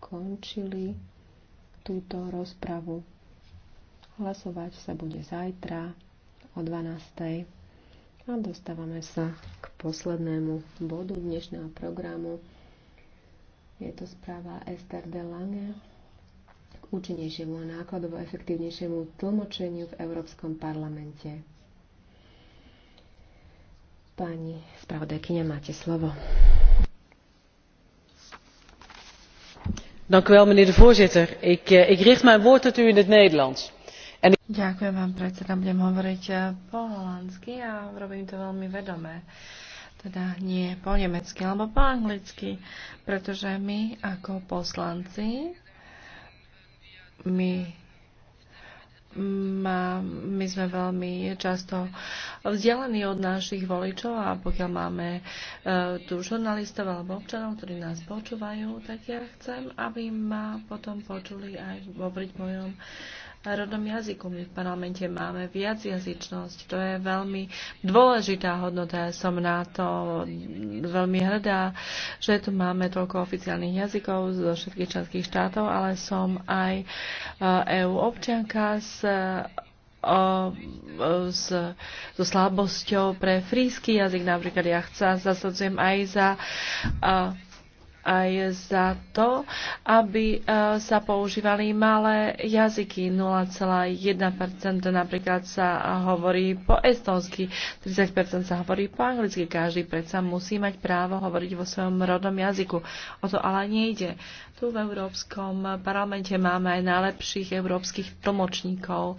končili túto rozpravu. Hlasovať sa bude zajtra o 12.00. A dostávame sa k poslednému bodu dnešného programu. Je to správa Esther de Lange k účinnejšiemu a nákladovo efektívnejšiemu tlmočeniu v Európskom parlamente. Pani spravodajkyňa, máte slovo. voorzitter ik Ďakujem vám, predseda. Budem hovoriť eh, po holandsky a robím to veľmi vedomé. Teda nie po nemecky, alebo po anglicky, pretože my ako poslanci, my my sme veľmi často vzdialení od našich voličov a pokiaľ máme e, tu žurnalistov alebo občanov, ktorí nás počúvajú, tak ja chcem, aby ma potom počuli aj vo mojom národnom jazyku. My v parlamente máme viac jazyčnosť. To je veľmi dôležitá hodnota. Ja som na to veľmi hrdá, že tu máme toľko oficiálnych jazykov zo všetkých členských štátov, ale som aj EU eh, e občianka s eh, o, s, so slabosťou pre frísky jazyk. Napríklad ja chcem, zasadzujem aj za a, eh, aj za to, aby e, sa používali malé jazyky. 0,1% napríklad sa hovorí po estonsky, 30% sa hovorí po anglicky. Každý predsa musí mať právo hovoriť vo svojom rodnom jazyku. O to ale nejde. Tu v Európskom parlamente máme aj najlepších európskych tlmočníkov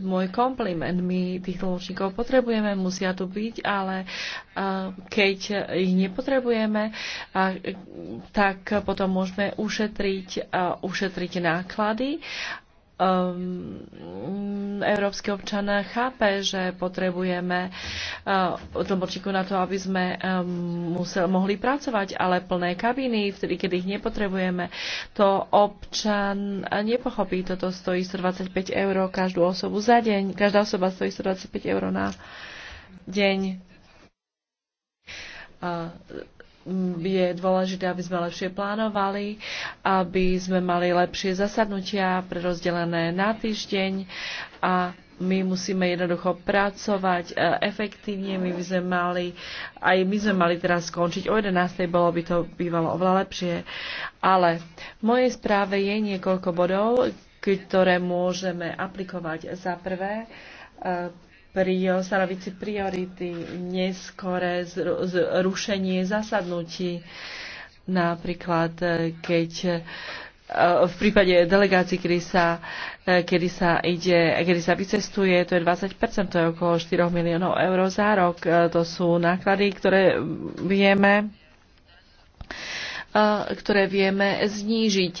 môj kompliment. My tých tlmočníkov potrebujeme, musia tu byť, ale keď ich nepotrebujeme, tak potom môžeme ušetriť, ušetriť náklady Um, európsky občan chápe, že potrebujeme uh, tlmočníku na to, aby sme um, musel, mohli pracovať, ale plné kabiny, vtedy, keď ich nepotrebujeme, to občan nepochopí. Toto stojí 125 eur každú osobu za deň. Každá osoba stojí 125 eur na deň. Uh, je dôležité, aby sme lepšie plánovali, aby sme mali lepšie zasadnutia prerozdelené na týždeň a my musíme jednoducho pracovať e, efektívne, my by sme mali, aj my sme mali teraz skončiť o 11. bolo by to bývalo oveľa lepšie. Ale v mojej správe je niekoľko bodov, ktoré môžeme aplikovať. Za prvé, e, pri stanovici priority, neskore zrušenie zasadnutí, napríklad e, keď e, v prípade delegácií, kedy sa, e, kedy sa ide, kedy sa vycestuje, to je 20%, to je okolo 4 miliónov eur za rok. To sú náklady, ktoré vieme, ktoré vieme znížiť.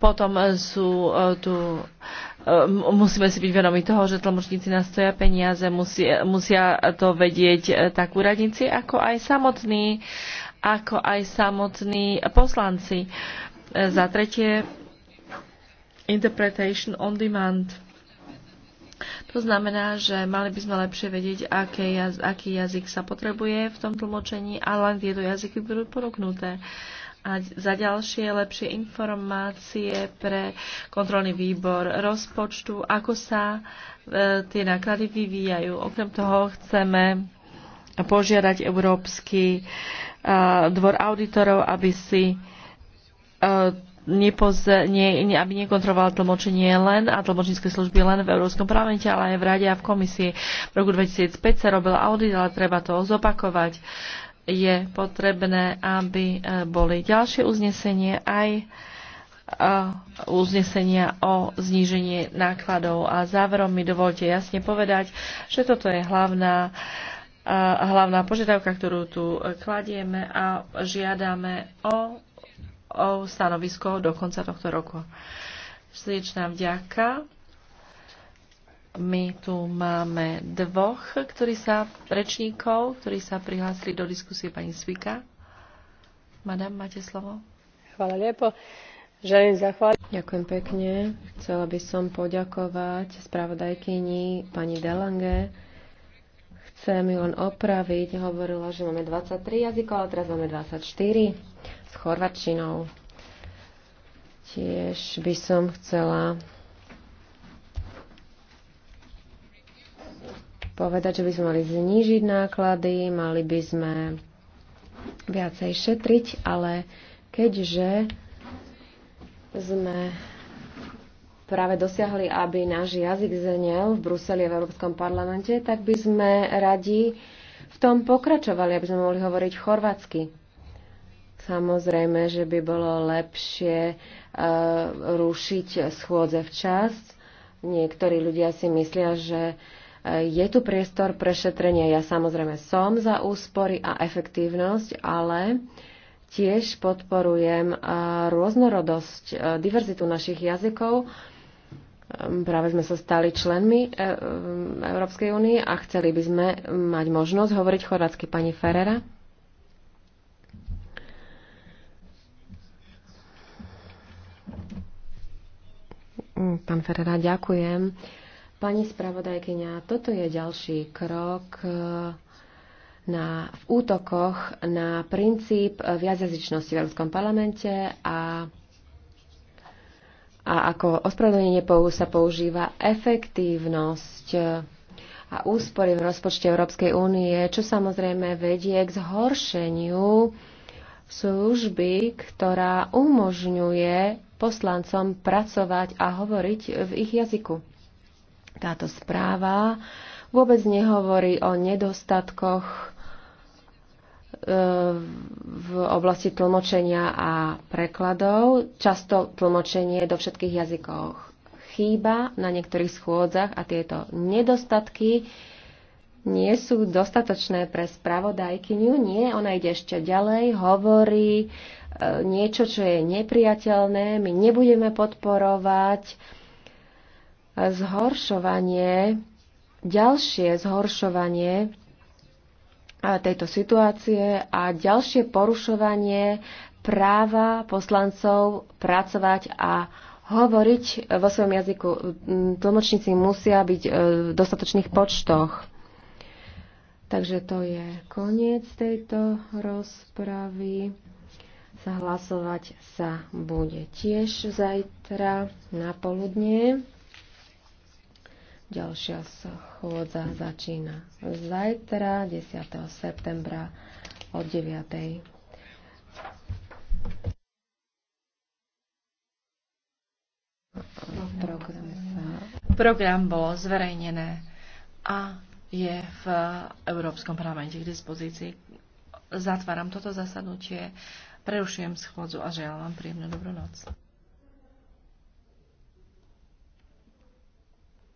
Potom sú tu Ehm, musíme si byť vedomi toho, že tlmočníci nás stoja peniaze, musia, musia to vedieť e, tak úradníci, ako aj samotní, ako aj samotní poslanci. E, za tretie, interpretation on demand. To znamená, že mali by sme lepšie vedieť, aké jaz, aký jazyk sa potrebuje v tom tlmočení, ale len tieto jazyky budú poruknuté. Uh, a za ďalšie lepšie informácie pre kontrolný výbor rozpočtu, ako sa e, tie náklady vyvíjajú. Okrem toho chceme požiadať Európsky e, dvor auditorov, aby si e, nie, aby nekontroloval tlmočenie len a tlmočnícke služby len v Európskom parlamente, ale aj v Rade a v komisii. V roku 2005 sa robil audit, ale treba to zopakovať. Uh, je potrebné, aby e, boli ďalšie uznesenie aj e, uznesenia o znížení nákladov. A záverom mi dovolte jasne povedať, že toto je hlavná, e, hlavná požiadavka, ktorú tu kladieme a žiadame o, o stanovisko do konca tohto roku. Srdečná vďaka. My tu máme dvoch ktorí sa, rečníkov, ktorí sa prihlásili do diskusie pani Svika. Madam, máte slovo. Hvala lepo. Želím zachváliť. Ďakujem pekne. Chcela by som poďakovať spravodajkyni pani Delange. Chcem ju len opraviť. Hovorila, že máme 23 jazykov, ale teraz máme 24 s chorvačinou. Tiež by som chcela povedať, že by sme mali znížiť náklady, mali by sme viacej šetriť, ale keďže sme práve dosiahli, aby náš jazyk zenel v Bruseli a v Európskom parlamente, tak by sme radi v tom pokračovali, aby sme mohli hovoriť chorvatsky. Samozrejme, že by bolo lepšie uh, rušiť schôdze včas. Niektorí ľudia si myslia, že uh, je tu priestor pre šetrenie. Ja samozrejme som za úspory a efektívnosť, ale tiež podporujem eh, rôznorodosť, eh, diverzitu našich jazykov. Ehm, práve sme sa stali členmi eh, Európskej únie a chceli by sme mať možnosť hovoriť chorvátsky pani Ferrera. Mm, pán Ferrera, ďakujem. Pani spravodajkyňa, toto je ďalší krok e, na, v útokoch na princíp viacjazyčnosti v Európskom parlamente a, a ako ospravedlnenie sa používa efektívnosť a úspory v rozpočte Európskej únie, čo samozrejme vedie k zhoršeniu služby, ktorá umožňuje poslancom pracovať a hovoriť v ich jazyku. Táto správa vôbec nehovorí o nedostatkoch e, v oblasti tlmočenia a prekladov. Často tlmočenie do všetkých jazykov chýba na niektorých schôdzach a tieto nedostatky nie sú dostatočné pre spravodajkyňu. Nie, ona ide ešte ďalej, hovorí e, niečo, čo je nepriateľné, my nebudeme podporovať zhoršovanie, ďalšie zhoršovanie tejto situácie a ďalšie porušovanie práva poslancov pracovať a hovoriť vo svojom jazyku. Mm, tlmočníci musia byť e, v dostatočných počtoch. Takže to je koniec tejto rozpravy. Zahlasovať sa bude tiež zajtra na poludne. Ďalšia schôdza začína zajtra, 10. septembra o 9. Program, sa... Program bolo zverejnené a je v Európskom parlamente k dispozícii. Zatváram toto zasadnutie, prerušujem schôdzu a želám vám príjemnú dobrú noc.